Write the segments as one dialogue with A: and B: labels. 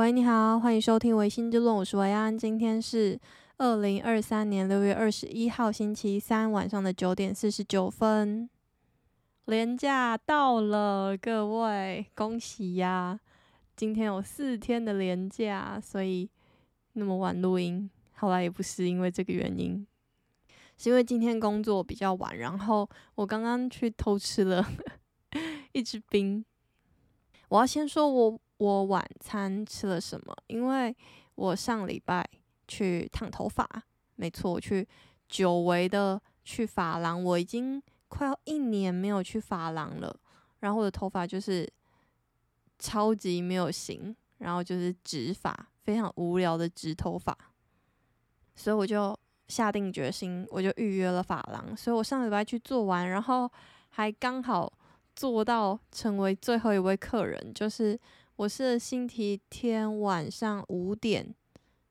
A: 喂，你好，歡迎收聽薇心之論，我是維安，今天是二零二三年六月二十一號星期三晚上的九點四十九分，連假到了，各位恭喜呀！今天有四天的連假，所以那麼晚錄音，後來也不是因為這個原因，是因為今天工作比較晚，然後我剛剛去偷吃了 一支冰，我要先說我。我晚餐吃了什麼？因為我上禮拜去燙頭髮，沒錯，我去久違的去髮廊，我已經快要一年沒有去髮廊了。然後我的頭髮就是超級沒有型，然後就是直髮，非常無聊的直頭髮。所以我就下定決心，我就預約了髮廊。所以我上禮拜去做完，然後還剛好做到成為最後一位客人，就是。我是星期天晚上五點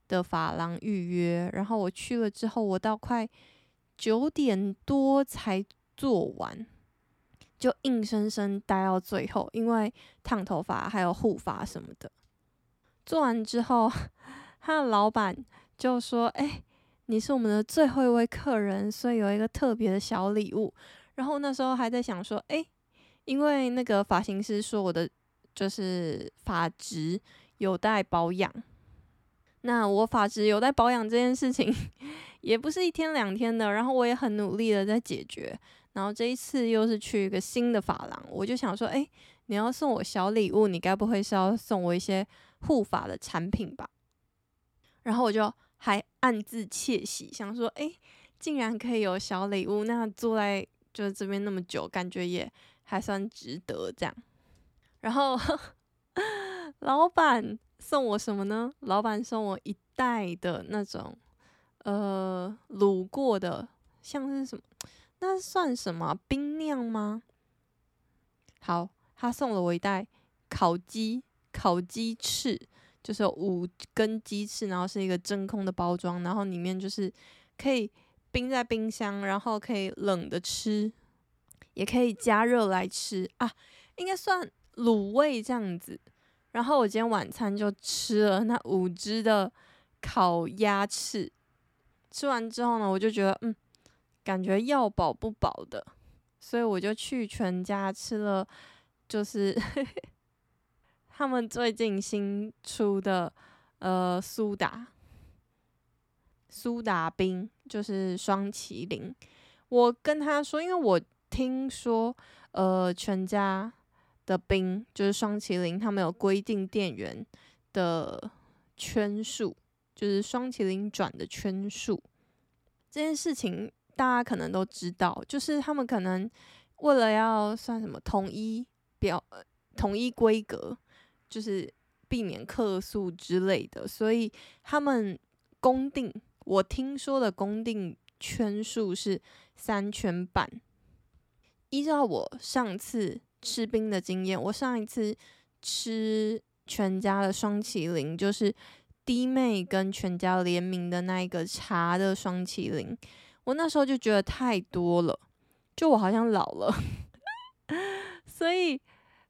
A: 的髮廊預約，然後我去了之後，我到快九點多才做完，就硬生生待到最後，因為燙頭髮還有護髮什麼的。做完之後，他的老闆就說：“哎、欸，你是我們的最後一位客人，所以有一個特別的小禮物。”然後那時候還在想說：“哎、欸，因為那個髮型師說我的。”就是髮質有待保養。那我髮質有待保養這件事情也不是一天兩天的，然後我也很努力的在解決，然後這一次又是去一個新的髮廊，我就想說，哎、欸，你要送我小禮物，你該不會是要送我一些護髮的產品吧？然後我就還暗自竊喜，想說，哎、欸，竟然可以有小禮物，那住在就這邊那麼久，感覺也還算值得這樣。然後老闆送我什麼呢？老闆送我一袋的那種，呃，滷過的，像是什麼？那算什麼、啊、冰釀嗎？好，他送了我一袋烤雞，烤雞翅，就是五根雞翅，然後是一個真空的包裝，然後裡面就是可以冰在冰箱，然後可以冷的吃，也可以加熱來吃啊，應該算。滷味這樣子，然後我今天晚餐就吃了那五隻的烤鴨翅，吃完之後呢，我就覺得嗯，感覺要飽不飽的，所以我就去全家吃了，就是呵呵他們最近新出的呃蘇打蘇打冰，就是霜淇淋，我跟他說，因為我聽說呃全家。的冰就是霜淇淋，他們有規定店員的圈數，就是霜淇淋轉的圈數。這件事情大家可能都知道，就是他們可能為了要算什麼統一表、統一規格，就是避免客訴之類的，所以他們公定，我聽說的公定圈數是三圈半。依照我上次。吃冰的經驗，我上一次吃全家的霜淇淋，就是低妹跟全家聯名的那一個茶的霜淇淋，我那時候就覺得太多了，就我好像老了， 所以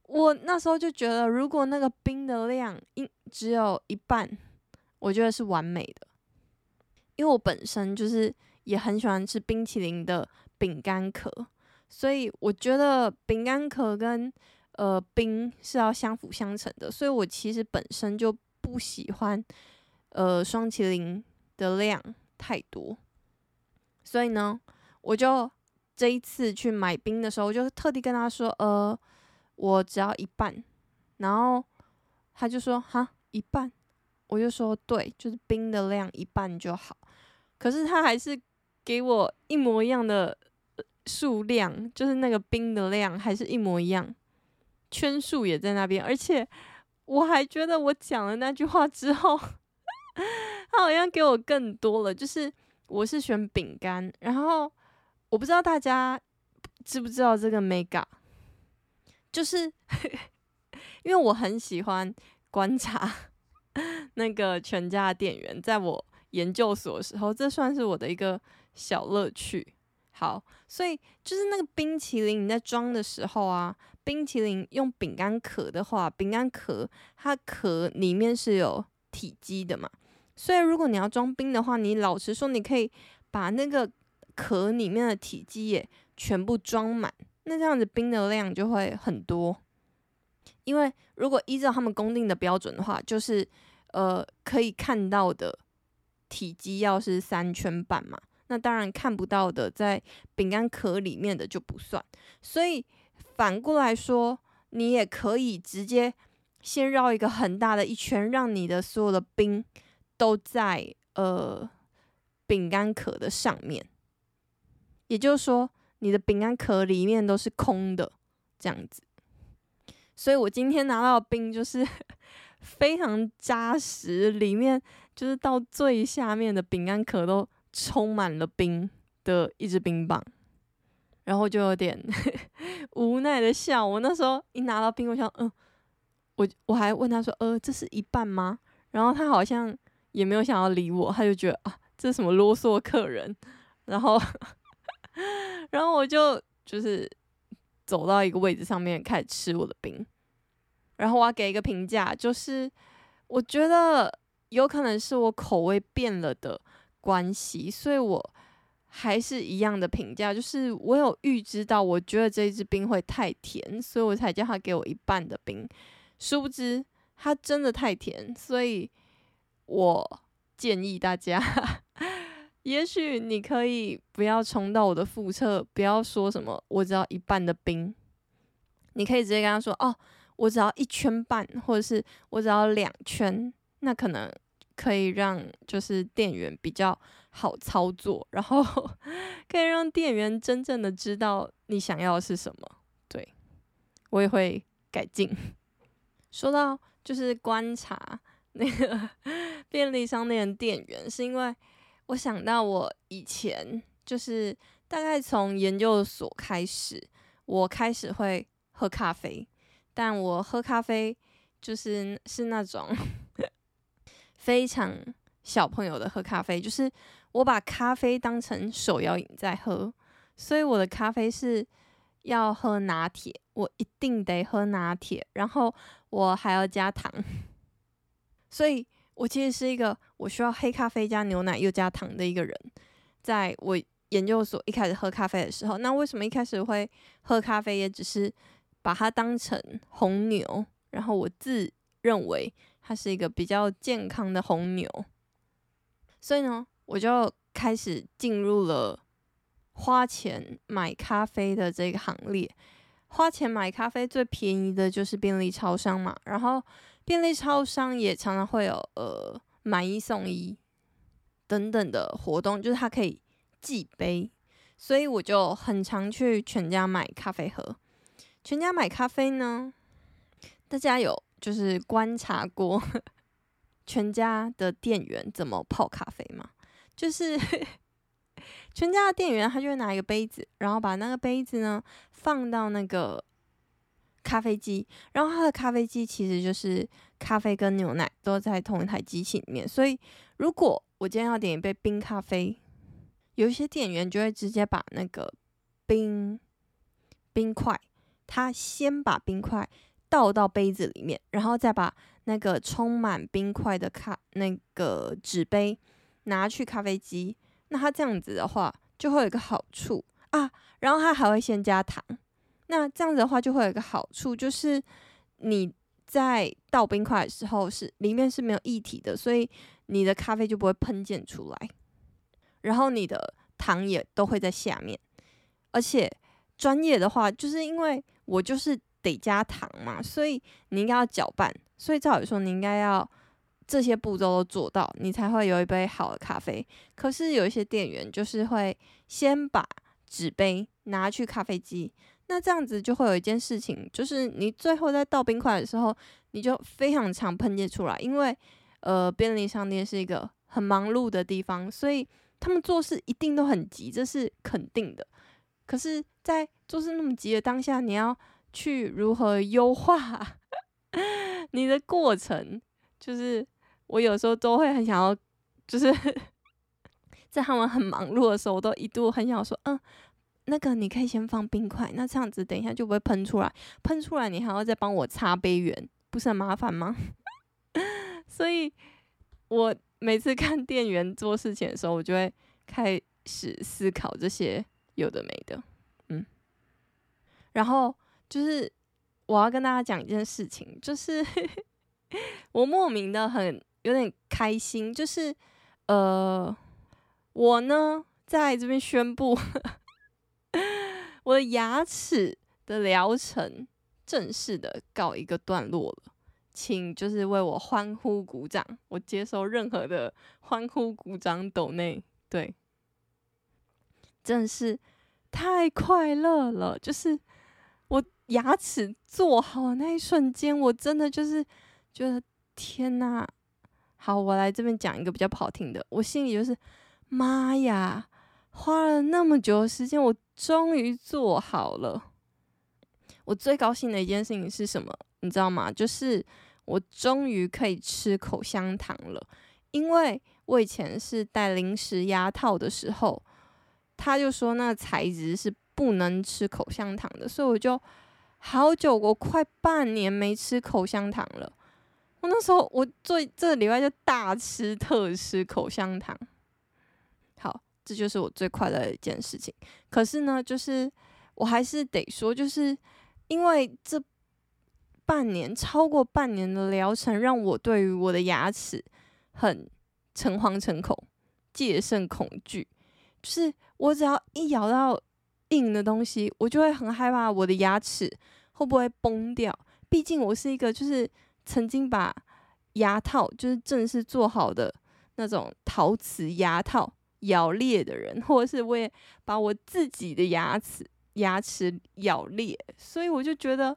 A: 我那時候就覺得，如果那個冰的量，因只有一半，我覺得是完美的，因為我本身就是也很喜歡吃冰淇淋的餅乾殼。所以我覺得餅乾殼跟呃冰是要相輔相成的，所以我其實本身就不喜歡呃霜淇淋的量太多，所以呢，我就這一次去買冰的時候，我就特地跟他說，呃，我只要一半，然後他就說哈一半，我就說對，就是冰的量一半就好，可是他還是給我一模一樣的。數量就是那個冰的量還是一模一樣，圈數也在那邊，而且我還覺得我講了那句話之後，呵呵，他好像給我更多了。就是我是選餅乾，然後我不知道大家知不知道這個 Mega，就是，呵呵，因為我很喜歡觀察那個全家店員，在我研究所的時候，這算是我的一個小樂趣。好，所以就是那個冰淇淋你在裝的時候啊，冰淇淋用餅乾殼的話，餅乾殼它殼裡面是有體積的嘛，所以如果你要裝冰的話，你老實說，你可以把那個殼裡面的體積也全部裝滿，那這樣子冰的量就會很多。因為如果依照他們公定的標準的話，就是呃可以看到的體積要是三圈半嘛。那當然看不到的，在餅乾殼裡面的就不算。所以反過來說，你也可以直接先繞一個很大的一圈，讓你的所有的冰都在呃餅乾殼的上面。也就是說，你的餅乾殼裡面都是空的這樣子。所以我今天拿到的冰就是非常紮實，裡面就是到最下面的餅乾殼都充滿了冰的一支冰棒，然後就有點 無奈的笑。我那時候一拿到冰我想，嗯，我我還問他說，呃，這是一半嗎？然後他好像也沒有想要理我，他就覺得啊，這是什麼囉嗦客人。然後， 然後我就就是走到一個位置上面開始吃我的冰。然後我要給一個評價，就是我覺得有可能是我口味變了的關係，所以我還是一樣的評價，就是我有預知到，我覺得這一支冰會太甜，所以我才叫他給我一半的冰。殊不知，他真的太甜，所以我建議大家，呵呵也許你可以不要重蹈我的覆轍，不要說什麼我只要一半的冰，你可以直接跟他說：“哦，我只要一圈半，或者是我只要兩圈。”那可能。可以讓就是店員比較好操作，然後可以讓店員真正的知道你想要的是什麼。對，我也會改進。說到就是觀察那個便利商店的店員，是因為我想到我以前就是大概從研究所開始，我開始會喝咖啡，但我喝咖啡就是是那種。非常小朋友的喝咖啡，就是我把咖啡當成手搖飲在喝，所以我的咖啡是要喝拿鐵，我一定得喝拿鐵，然後我還要加糖，所以我其實是一個我需要黑咖啡加牛奶又加糖的一個人。在我研究所一開始喝咖啡的時候，那為什麼一開始會喝咖啡，也只是把它當成紅牛，然後我自認為。它是一個比較健康的紅牛，所以呢，我就開始進入了花錢買咖啡的這個行列。花錢買咖啡最便宜的就是便利超商嘛，然後便利超商也常常會有呃買一送一等等的活動，就是它可以寄杯，所以我就很常去全家買咖啡喝。全家買咖啡呢，大家有，就是觀察過全家的店員怎麼泡咖啡嗎？就是全家的店員，他就會拿一個杯子，然後把那個杯子呢放到那個咖啡機，然後他的咖啡機其實就是咖啡跟牛奶都在同一台機器裡面。所以，如果我今天要點一杯冰咖啡，有一些店員就會直接把那個冰冰塊，他先把冰塊。倒到杯子裡面，然後再把那個充滿冰塊的咖那個紙杯拿去咖啡機。那它這樣子的話，就會有一個好處啊。然後它還會先加糖。那這樣子的話，就會有一個好處，就是你在倒冰塊的時候是裡面是沒有液體的，所以你的咖啡就不會噴濺出來。然後你的糖也都會在下面。而且專業的話，就是因為我就是。得加糖嘛，所以你應該要攪拌，所以照理說你應該要這些步驟都做到，你才會有一杯好的咖啡。可是有一些店員就是會先把紙杯拿去咖啡機，那這樣子就會有一件事情，就是你最後在倒冰塊的時候，你就非常常噴濺出來，因為呃便利商店是一個很忙碌的地方，所以他們做事一定都很急，這是肯定的。可是，在做事那麼急的當下，你要。去如何優化你的過程？就是我有時候都會很想要，就是在他們很忙碌的時候，我都一度很想說：“嗯，那個你可以先放冰塊，那這樣子等一下就不會噴出來，噴出來你還要再幫我擦杯緣，不是很麻煩嗎？” 所以，我每次看店員做事情的時候，我就會開始思考這些有的沒的，嗯，然後。就是我要跟大家講一件事情，就是 我莫名的很有點開心，就是呃，我呢在這邊宣布 我的牙齒的療程正式的告一個段落了，請就是為我歡呼鼓掌，我接受任何的歡呼鼓掌抖內，對，真是太快樂了，就是。我牙齒做好那一瞬間，我真的就是覺得天哪，啊！好，我來這邊講一個比較不好聽的，我心裡就是媽呀，花了那麼久的時間，我終於做好了。我最高興的一件事情是什麼？你知道嗎？就是我終於可以吃口香糖了，因為我以前是戴臨時牙套的時候，他就說那材質是。不能吃口香糖的，所以我就好久，我快半年沒吃口香糖了。我那時候我最這禮拜就大吃特吃口香糖，好，這就是我最快樂的一件事情。可是呢，就是我還是得說，就是因為這半年超過半年的療程，讓我對於我的牙齒很誠惶誠恐，戒慎恐懼，就是我只要一咬到。硬的東西，我就會很害怕我的牙齒會不會崩掉。畢竟我是一個就是曾經把牙套就是正式做好的那種陶瓷牙套咬裂的人，或者是我也把我自己的牙齒牙齒咬裂，所以我就覺得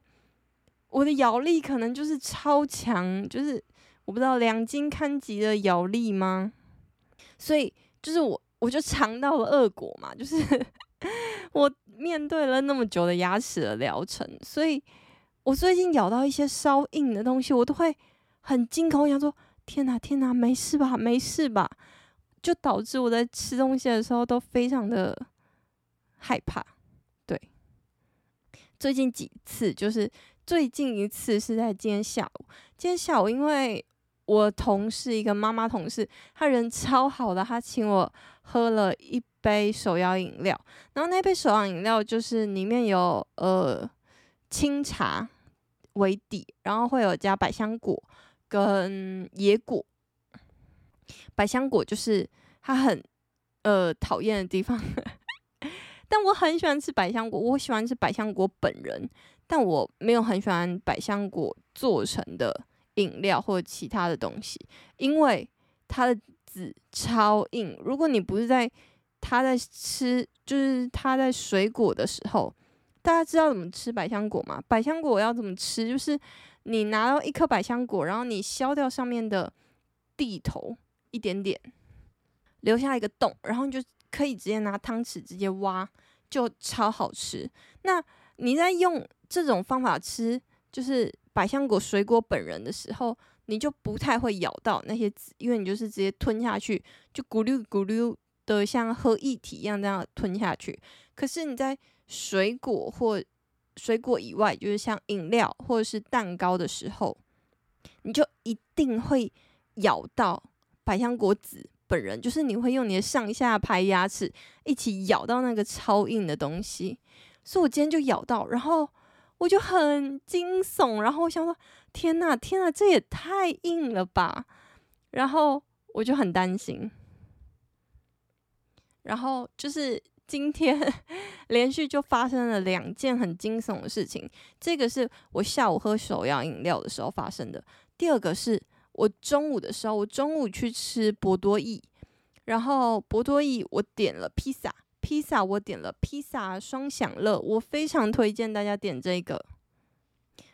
A: 我的咬力可能就是超強，就是我不知道兩斤看級的咬力嗎？所以就是我我就嘗到了惡果嘛，就是。我面對了那麼久的牙齒的療程，所以我最近咬到一些稍硬的東西，我都會很驚恐，想說：天哪，天哪，沒事吧，沒事吧？就導致我在吃東西的時候都非常的害怕。對，最近幾次，就是最近一次是在今天下午，今天下午因為。我同事，一個媽媽同事，他人超好的，他請我喝了一杯手搖飲料，然後那杯手搖飲料就是裡面有呃清茶為底，然後會有加百香果跟椰果。百香果就是他很呃討厭的地方， 但我很喜歡吃百香果，我喜歡吃百香果本人，但我沒有很喜歡百香果做成的。飲料或者其他的東西，因為它的籽超硬。如果你不是在它在吃，就是它在水果的時候，大家知道怎麼吃百香果嗎？百香果要怎麼吃？就是你拿到一顆百香果，然後你削掉上面的蒂頭一點點，留下一個洞，然後你就可以直接拿湯匙直接挖，就超好吃。那你在用這種方法吃，就是。百香果水果本人的時候，你就不太會咬到那些籽，因為你就是直接吞下去，就咕嚕咕嚕的像喝液體一樣這樣吞下去。可是你在水果或水果以外，就是像飲料或者是蛋糕的時候，你就一定會咬到百香果籽本人，就是你會用你的上下排牙齒一起咬到那個超硬的東西。所以我今天就咬到，然後。我就很驚悚，然後我想說：“天哪，天哪，這也太硬了吧！”然後我就很擔心。然後就是今天連續就發生了兩件很驚悚的事情。這個是我下午喝手搖飲料的時候發生的。第二個是我中午的時候，我中午去吃博多意，然後博多意我點了披薩。披薩我點了披薩雙享樂，我非常推薦大家點這個，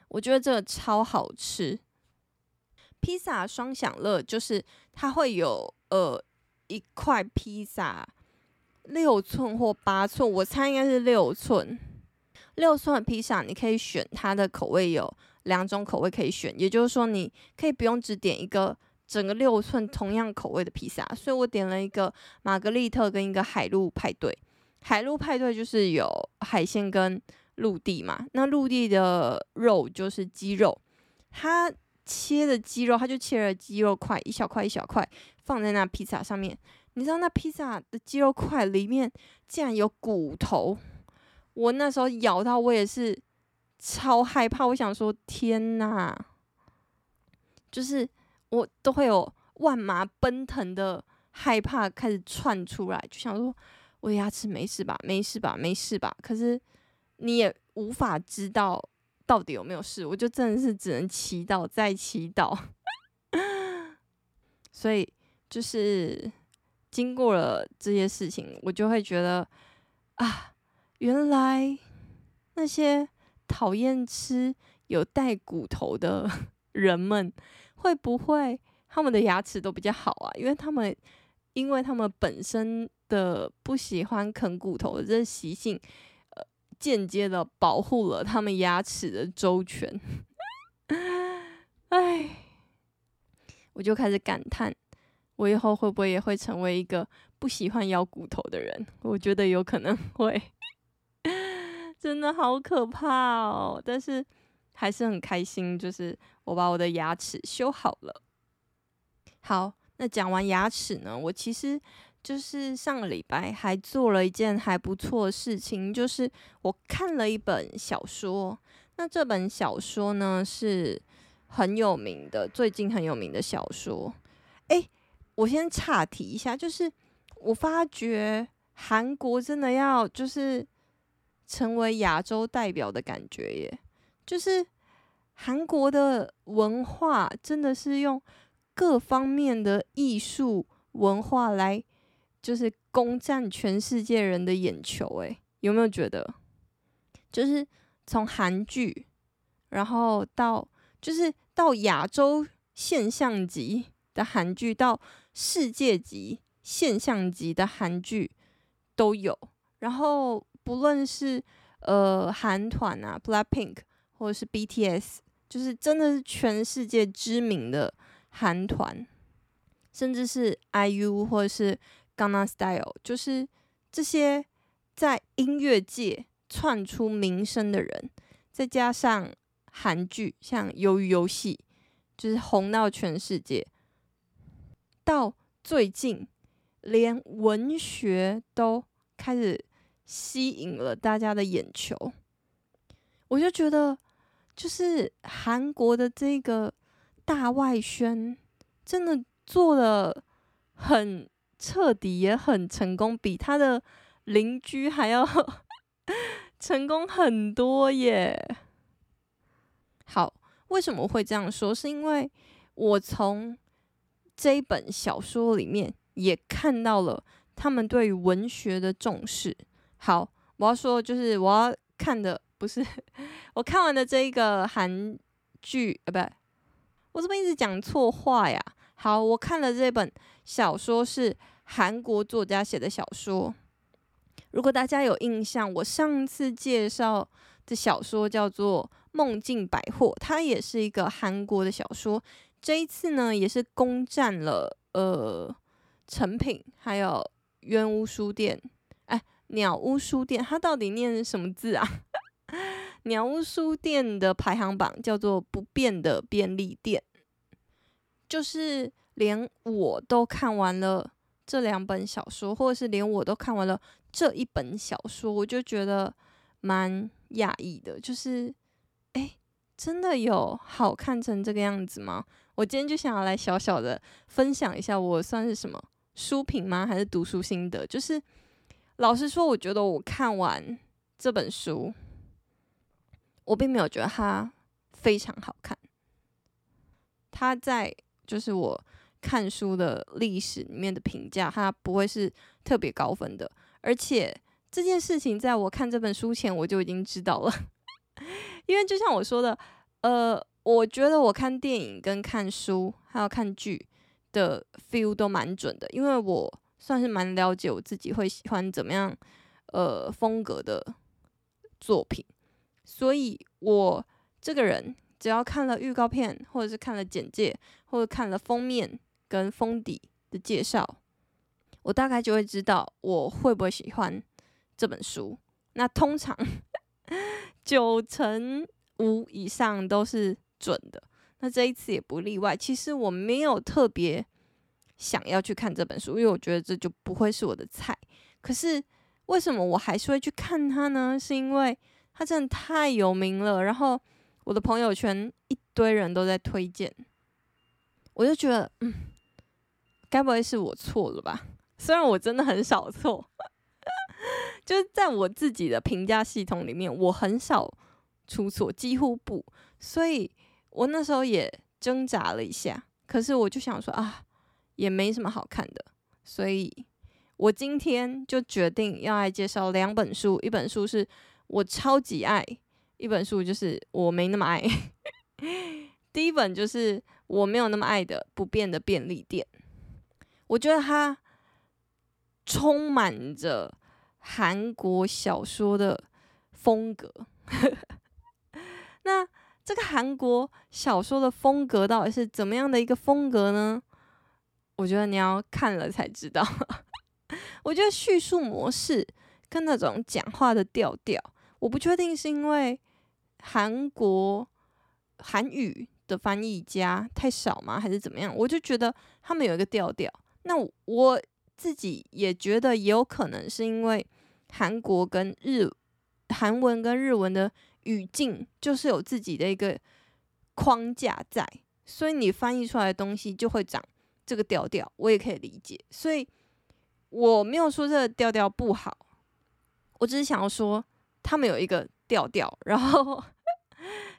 A: 我覺得這個超好吃。披薩雙享樂就是它會有呃一塊披薩，六寸或八寸，我猜應該是六寸。六寸的披薩你可以選它的口味，有兩種口味可以選，也就是說你可以不用只點一個整個六寸同樣口味的披薩，所以我點了一個瑪格麗特跟一個海陸派對。海陸派對就是有海鮮跟陸地嘛，那陸地的肉就是雞肉，他切的雞肉，他就切了雞肉塊，一小塊一小塊放在那披薩上面。你知道那披薩的雞肉塊裡面竟然有骨頭，我那時候咬到，我也是超害怕，我想說天哪，就是我都會有萬馬奔騰的害怕開始竄出來，就想說。我的牙齒沒事吧？沒事吧？沒事吧？可是你也無法知道到底有沒有事，我就真的是只能祈禱再祈禱。 所以就是經過了這些事情，我就會覺得啊，原來那些討厭吃有帶骨頭的人們，會不會他們的牙齒都比較好啊？因為他們。因為他們本身的不喜歡啃骨頭的這習性，呃，間接的保護了他們牙齒的周全。哎， 我就開始感嘆，我以後會不會也會成為一個不喜歡咬骨頭的人？我覺得有可能會， 真的好可怕哦！但是還是很開心，就是我把我的牙齒修好了，好。那講完牙齒呢，我其實就是上個禮拜還做了一件還不錯的事情，就是我看了一本小說。那這本小說呢，是很有名的，最近很有名的小說。哎、欸，我先岔題一下，就是我發覺韓國真的要就是成為亞洲代表的感覺耶，就是韓國的文化真的是用。各方面的藝術文化來，就是攻佔全世界人的眼球、欸。誒，有沒有覺得？就是從韓劇，然後到就是到亞洲現象級的韓劇，到世界級現象級的韓劇都有。然後不論是呃韓團啊，BLACKPINK，或者是 BTS，就是真的是全世界知名的。韓團，甚至是 IU 或者是 Gangnam Style，就是這些在音樂界竄出名聲的人，再加上韓劇，像《魷魚遊戲》，就是紅到全世界。到最近，連文學都開始吸引了大家的眼球。我就覺得，就是韓國的這個。大外宣真的做了很徹底，也很成功，比他的鄰居還要 成功很多耶。好，為什麼我會這樣說？是因為我從這一本小說裡面也看到了他們對文學的重視。好，我要說就是我要看的不是我看完的這一個韓劇呃，啊、不我怎麼一直講錯話呀！好，我看了這本小說是韓國作家寫的小說。如果大家有印象，我上次介紹的小說叫做《夢境百貨》，它也是一個韓國的小說。這一次呢，也是攻占了呃，誠品還有鳶屋書店，哎，蔦屋書店，它到底念什麼字啊？ 蔦屋書店的排行榜叫做《不便的便利店》。就是連我都看完了這兩本小說，或者是連我都看完了這一本小說，我就覺得蠻訝異的。就是，哎、欸，真的有好看成這個樣子嗎？我今天就想要來小小的分享一下，我算是什麼書評嗎？還是讀書心得？就是老實說，我覺得我看完這本書，我並沒有覺得它非常好看。它在。就是我看書的歷史裡面的評價，它不會是特別高分的。而且這件事情在我看這本書前，我就已經知道了。 因為就像我說的，呃，我覺得我看電影跟看書還有看劇的 feel 都蠻準的，因為我算是蠻了解我自己會喜歡怎麼樣，呃，風格的作品。所以，我這個人。只要看了預告片，或者是看了簡介，或者看了封面跟封底的介紹，我大概就會知道我會不會喜歡這本書。那通常九成五以上都是準的，那這一次也不例外。其實我沒有特別想要去看這本書，因為我覺得這就不會是我的菜。可是為什麼我還是會去看它呢？是因為它真的太有名了，然後……我的朋友圈一堆人都在推薦，我就覺得，嗯，該不會是我錯了吧？雖然我真的很少錯， 就是在我自己的評價系統裡面，我很少出錯，幾乎不。所以我那時候也掙扎了一下，可是我就想說啊，也沒什麼好看的。所以，我今天就決定要來介紹兩本書，一本書是我超級愛。一本書就是我沒那麼愛， 第一本就是我沒有那麼愛的《不便的便利店》，我覺得它充滿着韓國小說的風格。 那這個韓國小說的風格到底是怎麼樣的一個風格呢？我覺得你要看了才知道。 我覺得敘述模式跟那種講話的調調，我不確定是因為。韓國韓語的翻譯家太少嗎？還是怎麼樣？我就覺得他們有一個調調。那我自己也覺得，也有可能是因為韓國跟日韓文跟日文的語境就是有自己的一個框架在，所以你翻譯出來的東西就會長這個調調。我也可以理解，所以我沒有說這個調調不好，我只是想要說他們有一個。調調，然後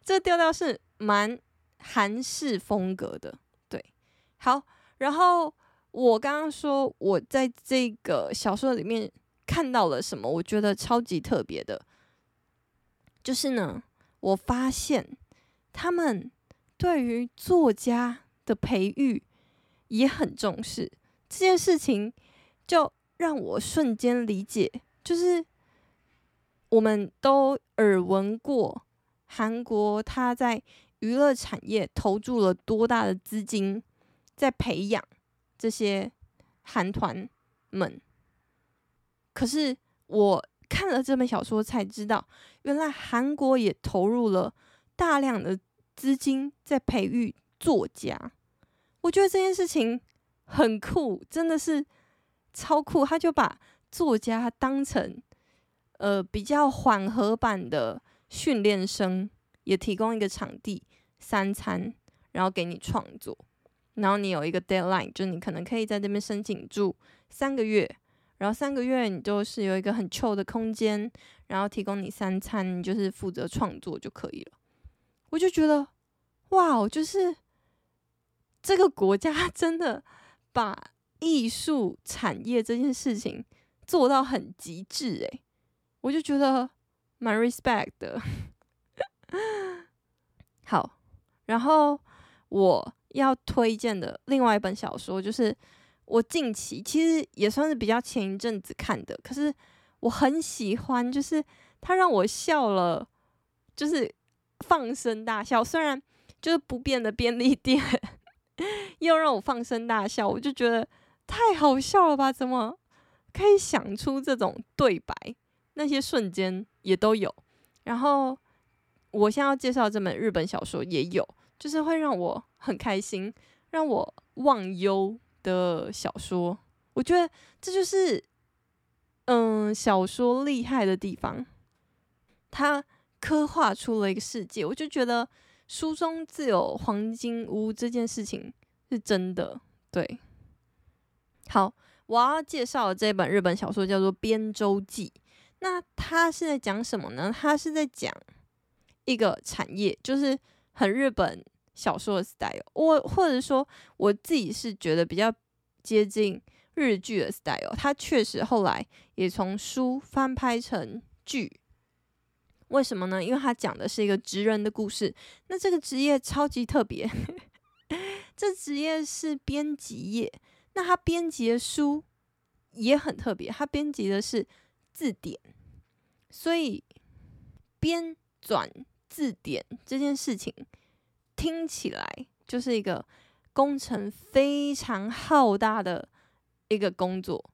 A: 這調調是蠻韓式風格的，對，好，然後我剛剛說，我在這個小說裡面看到了什麼，我覺得超級特別的，就是呢，我發現他們對於作家的培育也很重視，這件事情就讓我瞬間理解，就是。我們都耳聞過韓國他在娛樂產業投注了多大的資金在培養這些韓團們，可是我看了這本小說才知道，原來韓國也投入了大量的資金在培育作家。我覺得這件事情很酷，真的是超酷，他就把作家當成。呃，比較緩和版的訓練生，也提供一個場地、三餐，然後給你創作，然後你有一個 deadline，就你可能可以在這邊申請住三個月，然後三個月你就是有一個很 chill 的空間，然後提供你三餐，你就是負責創作就可以了。我就覺得，哇，就是這個國家真的把藝術產業這件事情做到很極致誒、欸。我就覺得蠻 respect 的，好。然後我要推薦的另外一本小說，就是我近期其實也算是比較前一陣子看的，可是我很喜歡，就是它讓我笑了，就是放聲大笑。雖然就是不便的便利店，又讓我放聲大笑，我就覺得太好笑了吧？怎麼可以想出這種對白？那些瞬間也都有，然後我現在要介紹這本日本小說也有，就是會讓我很開心、讓我忘憂的小說。我覺得這就是嗯，小說厲害的地方，它刻畫出了一個世界。我就覺得書中自有黃金屋這件事情是真的。對，好，我要介紹的這本日本小說叫做《編舟記》。那他是在講什麼呢？他是在講一個產業，就是很日本小說的 style 我，我或者說我自己是覺得比較接近日劇的 style。它確實後來也從書翻拍成劇。為什麼呢？因為它講的是一個職人的故事。那這個職業超級特別呵呵，這職業是編輯業。那他編輯的書也很特別，他編輯的是字典，所以編纂字典這件事情聽起來就是一個工程非常浩大的一個工作。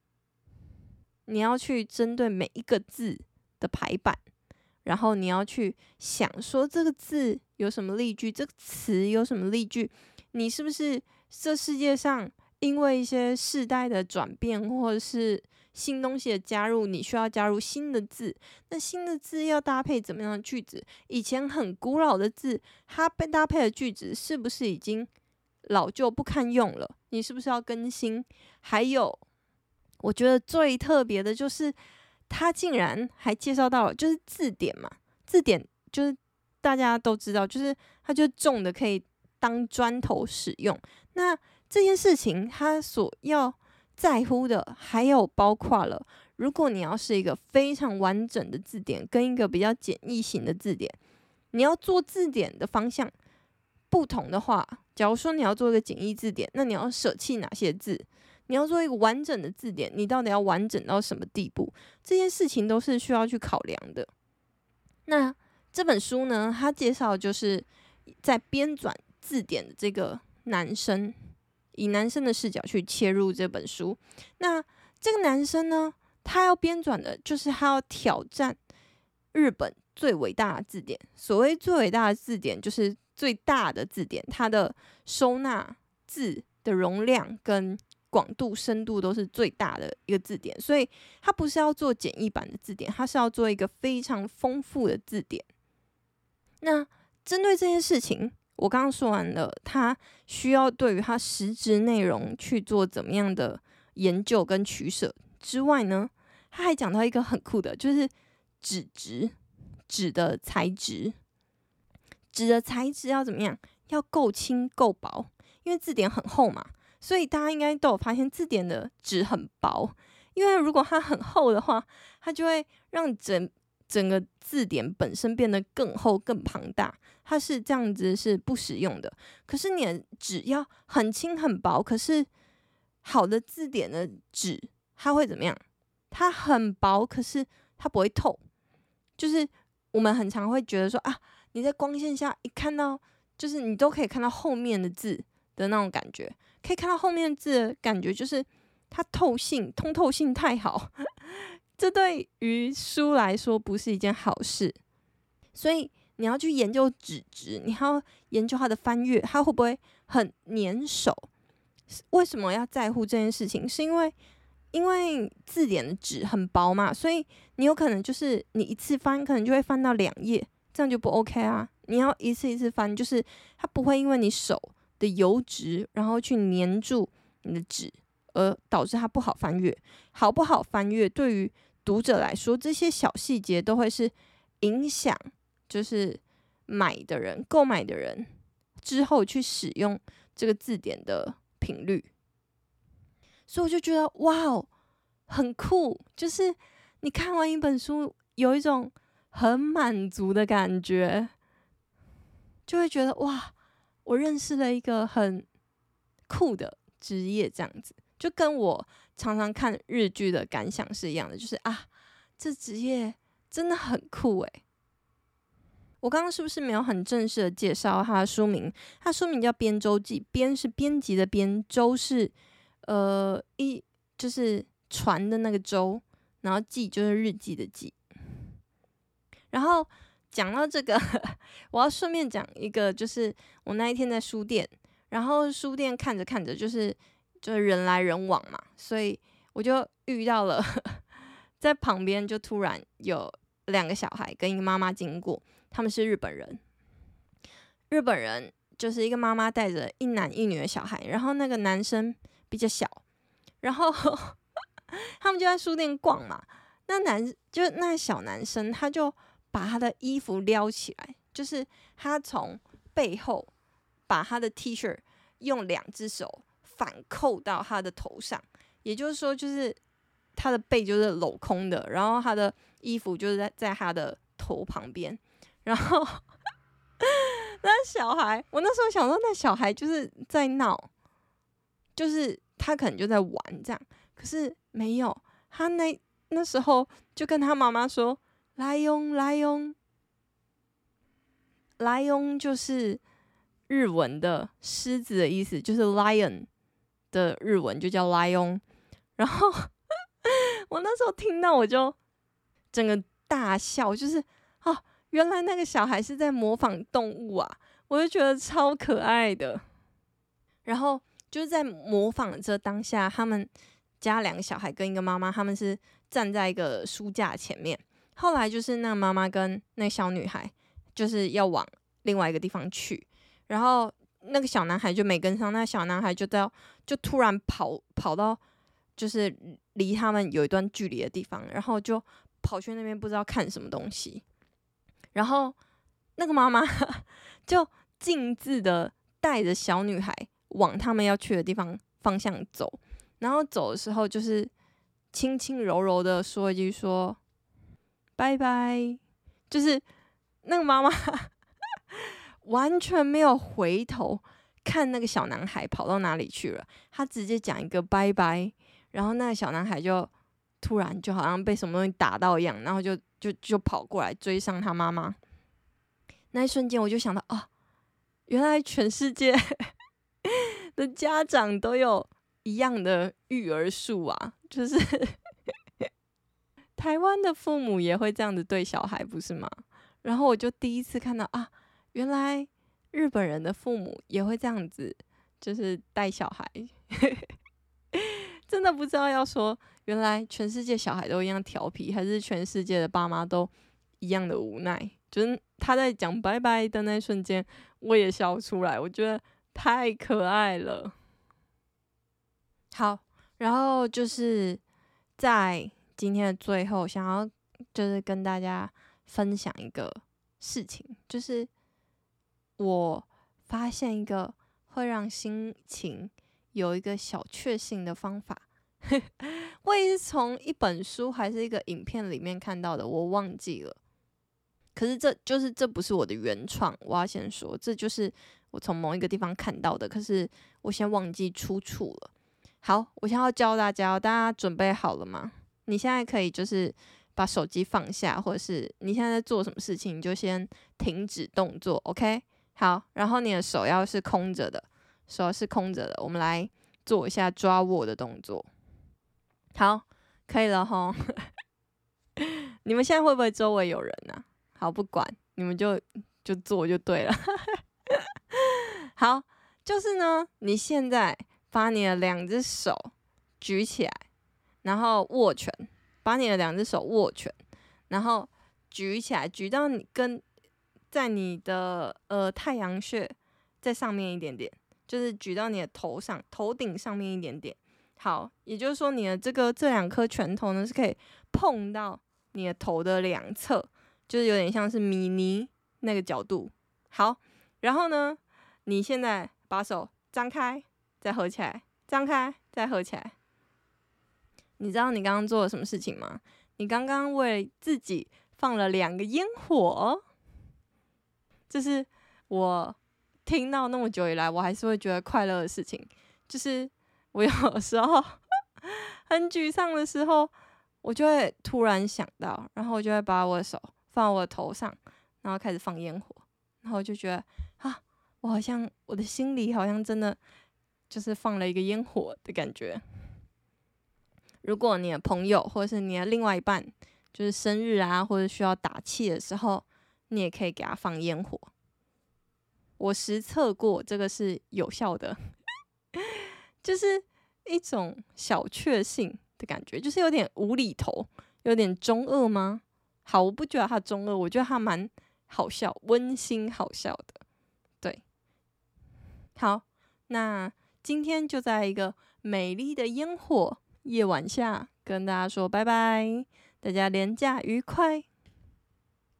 A: 你要去針對每一個字的排版，然後你要去想說這個字有什麼例句，這個詞有什麼例句，你是不是這世界上因為一些時代的轉變或者是。新東西的加入，你需要加入新的字，那新的字要搭配怎麼樣的句子？以前很古老的字，它被搭配的句子是不是已經老舊不堪用了？你是不是要更新？還有，我覺得最特別的就是，他竟然還介紹到了，就是字典嘛，字典就是大家都知道，就是它就重的可以當磚頭使用。那這件事情，他所要。在乎的還有包括了，如果你要是一個非常完整的字典，跟一個比較簡易型的字典，你要做字典的方向不同的話，假如說你要做一個簡易字典，那你要捨棄哪些字？你要做一個完整的字典，你到底要完整到什麼地步？這件事情都是需要去考量的。那這本書呢，它介紹的就是在編撰字典的這個男生。以男生的視角去切入這本書，那這個男生呢，他要編纂的，就是他要挑戰日本最偉大的字典。所謂最偉大的字典，就是最大的字典，它的收納字的容量跟廣度、深度都是最大的一個字典。所以，他不是要做簡易版的字典，他是要做一個非常豐富的字典。那針對這件事情。我剛剛說完了，他需要對於他實質內容去做怎麼樣的研究跟取捨之外呢，他還講到一個很酷的，就是紙質，紙的材質，紙的材質要怎麼樣，要夠輕夠薄，因為字典很厚嘛，所以大家應該都有發現字典的紙很薄，因為如果它很厚的話，它就會讓整整個字典本身變得更厚、更龐大，它是這樣子是不實用的。可是你的紙要很輕、很薄，可是好的字典的紙，它會怎麼樣？它很薄，可是它不會透。就是我們很常會覺得說啊，你在光線下一看到，就是你都可以看到後面的字的那種感覺，可以看到後面字的感覺就是它透性、通透性太好。這對於書來說不是一件好事，所以你要去研究紙質，你還要研究它的翻閱，它會不會很粘手？為什麼要在乎這件事情？是因為因為字典的紙很薄嘛，所以你有可能就是你一次翻，可能就會翻到兩頁，這樣就不 OK 啊！你要一次一次翻，就是它不會因為你手的油脂，然後去粘住你的紙。而導致它不好翻閱，好不好翻閱對於讀者來說，這些小細節都會是影響，就是買的人、購買的人之後去使用這個字典的頻率。所以我就覺得，哇哦，很酷！就是你看完一本書，有一種很滿足的感覺，就會覺得，哇，我認識了一個很酷的職業，這樣子。就跟我常常看日劇的感想是一樣的，就是啊，這職業真的很酷誒、欸。我剛剛是不是沒有很正式的介紹它的書名？它書名叫《編舟記》，編是編輯的編，舟是呃一就是船的那個舟，然後記就是日記的記。然後講到這個，我要順便講一個，就是我那一天在書店，然後書店看着看着就是。就是人來人往嘛，所以我就遇到了， 在旁邊就突然有兩個小孩跟一個媽媽經過，他們是日本人。日本人就是一個媽媽帶着一男一女的小孩，然後那個男生比較小，然後 他們就在書店逛嘛。那男就那小男生，他就把他的衣服撩起來，就是他從背後把他的 T 恤用兩隻手。反扣到他的頭上，也就是說，就是他的背就是鏤空的，然後他的衣服就是在在他的頭旁邊，然後 那小孩，我那時候想說，那小孩就是在鬧，就是他可能就在玩這樣，可是沒有，他那那時候就跟他媽媽說，萊翁，萊翁，萊翁就是日文的獅子的意思，就是 lion。的日文就叫 “lion”，然後我那時候聽到我就整個大笑，就是啊、哦，原來那個小孩是在模仿動物啊，我就覺得超可愛的。然後就是在模仿着當下他們家兩個小孩跟一個媽媽，他們是站在一個書架前面。後來就是那個媽媽跟那小女孩就是要往另外一個地方去，然後，那個小男孩就沒跟上，那個，小男孩就在就突然跑跑到，就是離他們有一段距離的地方，然後就跑去那邊不知道看什麼東西，然後那個媽媽就徑自的帶着小女孩往他們要去的地方方向走，然後走的時候就是輕輕柔柔的說一句說，拜拜，就是那個媽媽。完全沒有回頭看那個小男孩跑到哪裡去了，他直接講一個拜拜，然後那個小男孩就突然就好像被什麼東西打到一樣，然後就就就跑過來追上他媽媽。那一瞬間，我就想到，哦、啊，原來全世界的家長都有一樣的育兒術啊！就是台灣的父母也會這樣子對小孩，不是嗎？然後我就第一次看到啊。原來日本人的父母也會這樣子，就是帶小孩呵呵，真的不知道要說，原來全世界小孩都一樣調皮，還是全世界的爸媽都一樣的無奈？就是他在講拜拜的那一瞬間，我也笑出來，我覺得太可愛了。好，然後就是在今天的最後，想要就是跟大家分享一個事情，就是。我發現一個會讓心情有一個小確幸的方法，嘿，我也是從一本書還是一個影片裡面看到的，我忘記了。可是這就是這不是我的原創，我要先說，這就是我從某一個地方看到的。可是我先忘記出處了。好，我現在要教大家，大家準備好了嗎？你現在可以就是把手機放下，或者是你現在在做什麼事情，你就先停止動作，OK？好，然後你的手要是空着的，手是空着的，我們來做一下抓握的動作。好，可以了哈。 你們現在會不會周圍有人呢、啊？好，不管你們就就做就對了。 好，就是呢，你現在把你的兩只手舉起來，然後握拳，把你的兩只手握拳，然後舉起來，舉到你跟。在你的呃太陽穴，在上面一點點，就是舉到你的頭上，頭頂上面一點點。好，也就是說你的這個這兩顆拳頭呢，是可以碰到你的頭的兩側，就是有點像是米妮那個角度。好，然後呢，你現在把手張開，再合起來，張開再合起來。你知道你剛剛做了什麼事情嗎？你剛剛為自己放了兩個煙火。就是我聽到那麼久以來，我還是會覺得快樂的事情。就是我有時候很沮喪的時候，我就會突然想到，然後我就會把我的手放到我的頭上，然後開始放煙火，然後我就覺得啊，我好像我的心裡好像真的就是放了一個煙火的感覺。如果你的朋友或者是你的另外一半，就是生日啊，或者需要打氣的時候。你也可以給他放煙火，我實測過，這個是有效的， 就是一種小確幸的感覺，就是有點無厘頭，有點中二嗎？好，我不覺得他中二，我覺得他蠻好笑，溫馨好笑的。對，好，那今天就在一個美麗的煙火夜晚下，跟大家說拜拜，大家連假愉快。